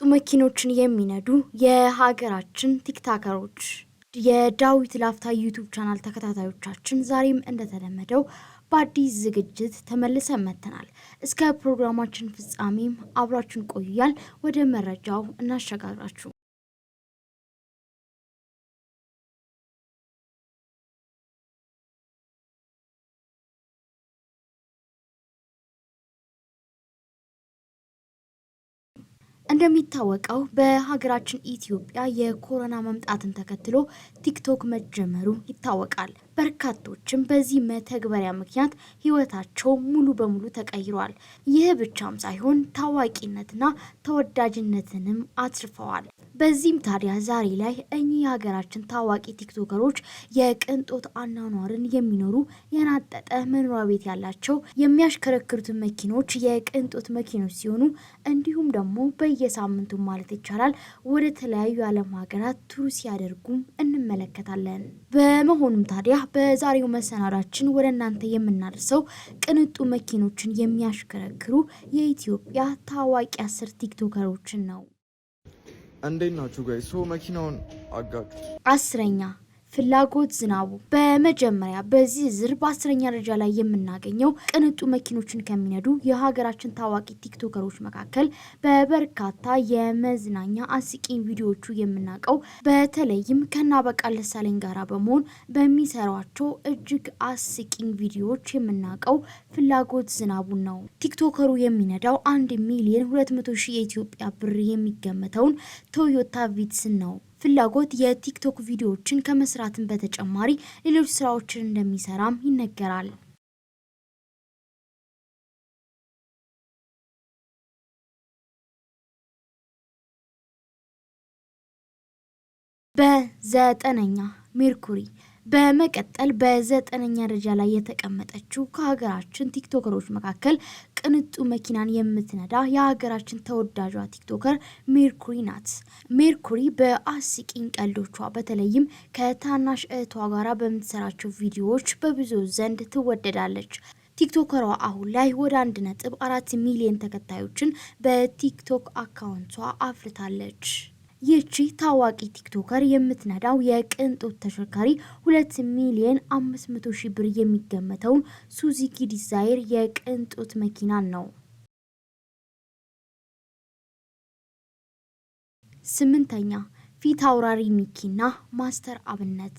ጡ መኪኖችን የሚነዱ የሀገራችን ቲክታከሮች የዳዊት ላፍታ ዩቱብ ቻናል ተከታታዮቻችን ዛሬም እንደተለመደው በአዲስ ዝግጅት ተመልሰን መጥተናል። እስከ ፕሮግራማችን ፍጻሜም አብራችን ቆያል። ወደ መረጃው እናሸጋግራችሁ። እንደሚታወቀው በሀገራችን ኢትዮጵያ የኮሮና መምጣትን ተከትሎ ቲክቶክ መጀመሩ ይታወቃል። በርካቶችም በዚህ መተግበሪያ ምክንያት ህይወታቸው ሙሉ በሙሉ ተቀይሯል። ይህ ብቻም ሳይሆን ታዋቂነትና ተወዳጅነትንም አትርፈዋል። በዚህም ታዲያ ዛሬ ላይ እኚህ የሀገራችን ታዋቂ ቲክቶከሮች የቅንጦት አኗኗርን የሚኖሩ የናጠጠ መኖሪያ ቤት ያላቸው የሚያሽከረክሩትን መኪኖች የቅንጦት መኪኖች ሲሆኑ እንዲሁም ደግሞ በየሳምንቱ ማለት ይቻላል ወደ ተለያዩ የዓለም ሀገራት ቱር ሲያደርጉም እንመለከታለን። በመሆኑም ታዲያ በዛሬው መሰናዳችን ወደ እናንተ የምናደርሰው ቅንጡ መኪኖችን የሚያሽከረክሩ የኢትዮጵያ ታዋቂ አስር ቲክቶከሮችን ነው። እንዴት ናችሁ ጋይ? ሶ መኪናውን አጋጩት። አስረኛ ፍላጎት ዝናቡ በመጀመሪያ በዚህ ዝር በአስረኛ ደረጃ ላይ የምናገኘው ቅንጡ መኪኖችን ከሚነዱ የሀገራችን ታዋቂ ቲክቶከሮች መካከል በበርካታ የመዝናኛ አስቂኝ ቪዲዮዎቹ የምናውቀው በተለይም ከና በቃል ደሳለኝ ጋራ በመሆን በሚሰሯቸው እጅግ አስቂኝ ቪዲዮዎች የምናውቀው ፍላጎት ዝናቡን ነው። ቲክቶከሩ የሚነዳው አንድ ሚሊዮን ሁለት መቶ ሺህ የኢትዮጵያ ብር የሚገመተውን ቶዮታ ቪትስን ነው። ፍላጎት የቲክቶክ ቪዲዮዎችን ከመስራትን በተጨማሪ ሌሎች ስራዎችን እንደሚሰራም ይነገራል። በዘጠነኛ ሜርኩሪ በመቀጠል በዘጠነኛ ደረጃ ላይ የተቀመጠችው ከሀገራችን ቲክቶከሮች መካከል ቅንጡ መኪናን የምትነዳ የሀገራችን ተወዳጇ ቲክቶከር ሜርኩሪ ናት። ሜርኩሪ በአስቂኝ ቀልዶቿ በተለይም ከታናሽ እህቷ ጋር በምትሰራቸው ቪዲዮዎች በብዙ ዘንድ ትወደዳለች። ቲክቶከሯ አሁን ላይ ወደ አንድ ነጥብ አራት ሚሊዮን ተከታዮችን በቲክቶክ አካውንቷ አፍርታለች። ይህቺ ታዋቂ ቲክቶከር የምትነዳው የቅንጦት ተሽከርካሪ ሁለት ሚሊየን አምስት መቶ ሺህ ብር የሚገመተውን ሱዚኪ ዲዛይር የቅንጦት መኪናን ነው። ስምንተኛ ፊት አውራሪ ሚኪና ማስተር አብነት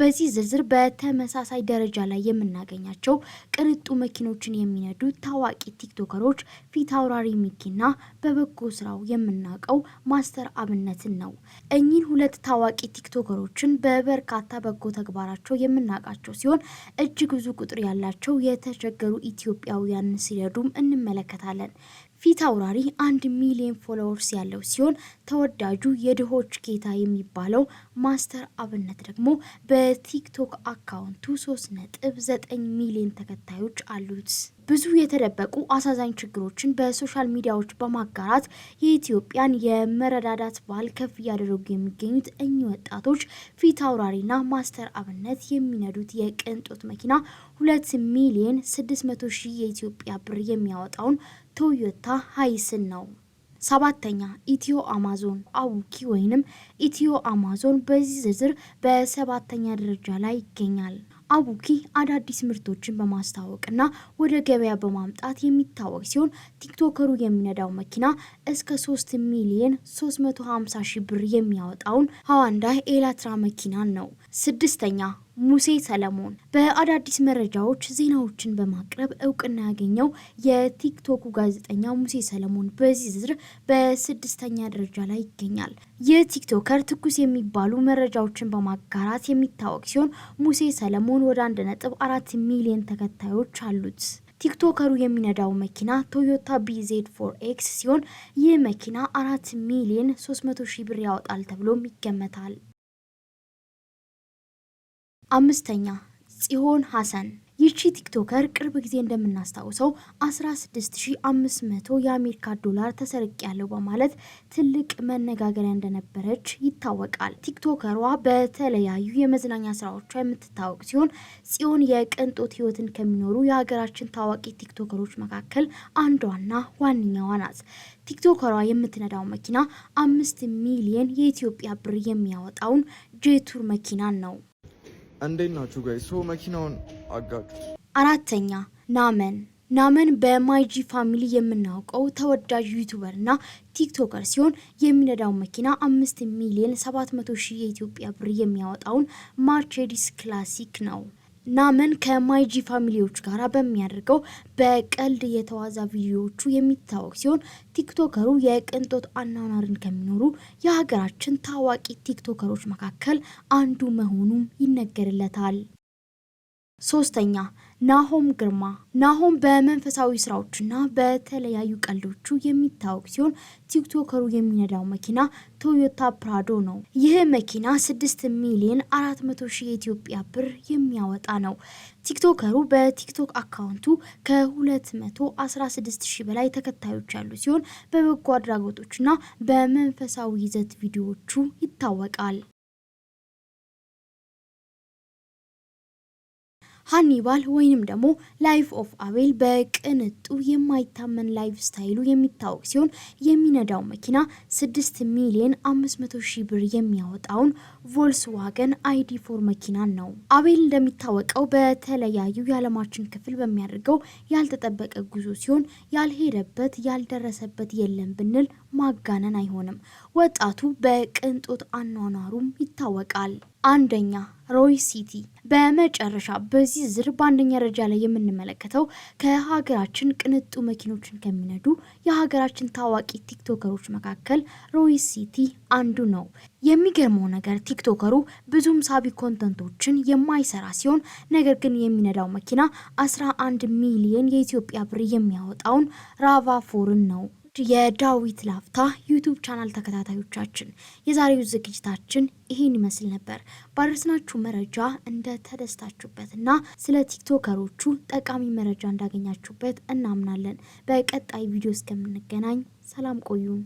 በዚህ ዝርዝር በተመሳሳይ ደረጃ ላይ የምናገኛቸው ቅንጡ መኪኖችን የሚነዱ ታዋቂ ቲክቶከሮች ፊት አውራሪ ሚኪና በበጎ ስራው የምናውቀው ማስተር አብነትን ነው። እኚህን ሁለት ታዋቂ ቲክቶከሮችን በበርካታ በጎ ተግባራቸው የምናውቃቸው ሲሆን እጅግ ብዙ ቁጥር ያላቸው የተቸገሩ ኢትዮጵያውያን ሲረዱም እንመለከታለን። ፊት አውራሪ አንድ ሚሊዮን ፎሎወርስ ያለው ሲሆን ተወዳጁ የድሆች ጌታ የሚባለው ማስተር አብነት ደግሞ በቲክቶክ አካውንቱ 39 ሚሊዮን ተከታዮች አሉት። ብዙ የተደበቁ አሳዛኝ ችግሮችን በሶሻል ሚዲያዎች በማጋራት የኢትዮጵያን የመረዳዳት ባህል ከፍ እያደረጉ የሚገኙት እኚህ ወጣቶች ፊት አውራሪና ማስተር አብነት የሚነዱት የቅንጦት መኪና ሁለት ሚሊየን ስድስት መቶ ሺህ የኢትዮጵያ ብር የሚያወጣውን ቶዮታ ሀይስን ነው። ሰባተኛ ኢትዮ አማዞን አውኪ ወይንም ኢትዮ አማዞን በዚህ ዝርዝር በሰባተኛ ደረጃ ላይ ይገኛል። አቡኪ አዳዲስ ምርቶችን በማስተዋወቅና ወደ ገበያ በማምጣት የሚታወቅ ሲሆን ቲክቶከሩ የሚነዳው መኪና እስከ 3 ሚሊየን 350 ሺህ ብር የሚያወጣውን ሀዋንዳይ ኤላትራ መኪናን ነው። ስድስተኛ ሙሴ ሰለሞን በአዳዲስ መረጃዎች ዜናዎችን በማቅረብ እውቅና ያገኘው የቲክቶኩ ጋዜጠኛ ሙሴ ሰለሞን በዚህ ዝር በስድስተኛ ደረጃ ላይ ይገኛል። ይህ ቲክቶከር ትኩስ የሚባሉ መረጃዎችን በማጋራት የሚታወቅ ሲሆን ሙሴ ሰለሞን ወደ አንድ ነጥብ አራት ሚሊዮን ተከታዮች አሉት። ቲክቶከሩ የሚነዳው መኪና ቶዮታ ቢዜድ ፎር ኤክስ ሲሆን ይህ መኪና አራት ሚሊዮን ሶስት መቶ ሺህ ብር ያወጣል ተብሎም ይገመታል። አምስተኛ ጽዮን ሀሰን ይቺ ቲክቶከር ቅርብ ጊዜ እንደምናስታውሰው 16500 የአሜሪካ ዶላር ተሰርቅ ያለው በማለት ትልቅ መነጋገሪያ እንደነበረች ይታወቃል። ቲክቶከሯ በተለያዩ የመዝናኛ ስራዎቿ የምትታወቅ ሲሆን ጽዮን የቅንጦት ህይወትን ከሚኖሩ የሀገራችን ታዋቂ ቲክቶከሮች መካከል አንዷና ዋነኛዋ ናት። ቲክቶከሯ የምትነዳው መኪና አምስት ሚሊየን የኢትዮጵያ ብር የሚያወጣውን ጄቱር መኪናን ነው። እንዴት ናችሁ ጋይ? ሶ መኪናውን አጋጩት። አራተኛ ናመን ናመን በማይጂ ፋሚሊ የምናውቀው ተወዳጅ ዩቱበር እና ቲክቶከር ሲሆን የሚነዳው መኪና አምስት ሚሊዮን ሰባት መቶ ሺህ የኢትዮጵያ ብር የሚያወጣውን ማርቼዲስ ክላሲክ ነው። ናምን ከማይጂ ፋሚሊዎች ጋር በሚያደርገው በቀልድ የተዋዛ ቪዲዮዎቹ የሚታወቅ ሲሆን ቲክቶከሩ የቅንጦት አኗኗርን ከሚኖሩ የሀገራችን ታዋቂ ቲክቶከሮች መካከል አንዱ መሆኑም ይነገርለታል። ሶስተኛ ናሆም ግርማ ናሆም በመንፈሳዊ ስራዎቹና በተለያዩ ቀልዶቹ የሚታወቅ ሲሆን ቲክቶከሩ የሚነዳው መኪና ቶዮታ ፕራዶ ነው። ይህ መኪና ስድስት ሚሊዮን አራት መቶ ሺህ የኢትዮጵያ ብር የሚያወጣ ነው። ቲክቶከሩ በቲክቶክ አካውንቱ ከ216 ሺህ በላይ ተከታዮች ያሉ ሲሆን በበጎ አድራጎቶችና በመንፈሳዊ ይዘት ቪዲዮዎቹ ይታወቃል። ሃኒባል ወይንም ደግሞ ላይፍ ኦፍ አቤል በቅንጡ የማይታመን ላይፍ ስታይሉ የሚታወቅ ሲሆን የሚነዳው መኪና 6 ሚሊዮን 500 ብር የሚያወጣውን ቮልስዋገን አይዲ ፎር መኪናን ነው። አቤል እንደሚታወቀው በተለያዩ የዓለማችን ክፍል በሚያደርገው ያልተጠበቀ ጉዞ ሲሆን ያልሄደበት ያልደረሰበት የለም ብንል ማጋነን አይሆንም። ወጣቱ በቅንጦት አኗኗሩም ይታወቃል። አንደኛ ሮይ ሲቲ በመጨረሻ በዚህ ዝር በአንደኛ ደረጃ ላይ የምንመለከተው ከሀገራችን ቅንጡ መኪኖችን ከሚነዱ የሀገራችን ታዋቂ ቲክቶከሮች መካከል ሮይ ሲቲ አንዱ ነው። የሚገርመው ነገር ቲክቶከሩ ብዙም ሳቢ ኮንተንቶችን የማይሰራ ሲሆን ነገር ግን የሚነዳው መኪና 11 ሚሊዮን የኢትዮጵያ ብር የሚያወጣውን ራቫ ፎርን ነው ውድ የዳዊት ላፍታ ዩቱብ ቻናል ተከታታዮቻችን የዛሬው ዝግጅታችን ይህን ይመስል ነበር። ባደረስናችሁ መረጃ እንደተደስታችሁበትና ስለ ቲክቶከሮቹ ጠቃሚ መረጃ እንዳገኛችሁበት እናምናለን። በቀጣይ ቪዲዮ እስከምንገናኝ ሰላም ቆዩን።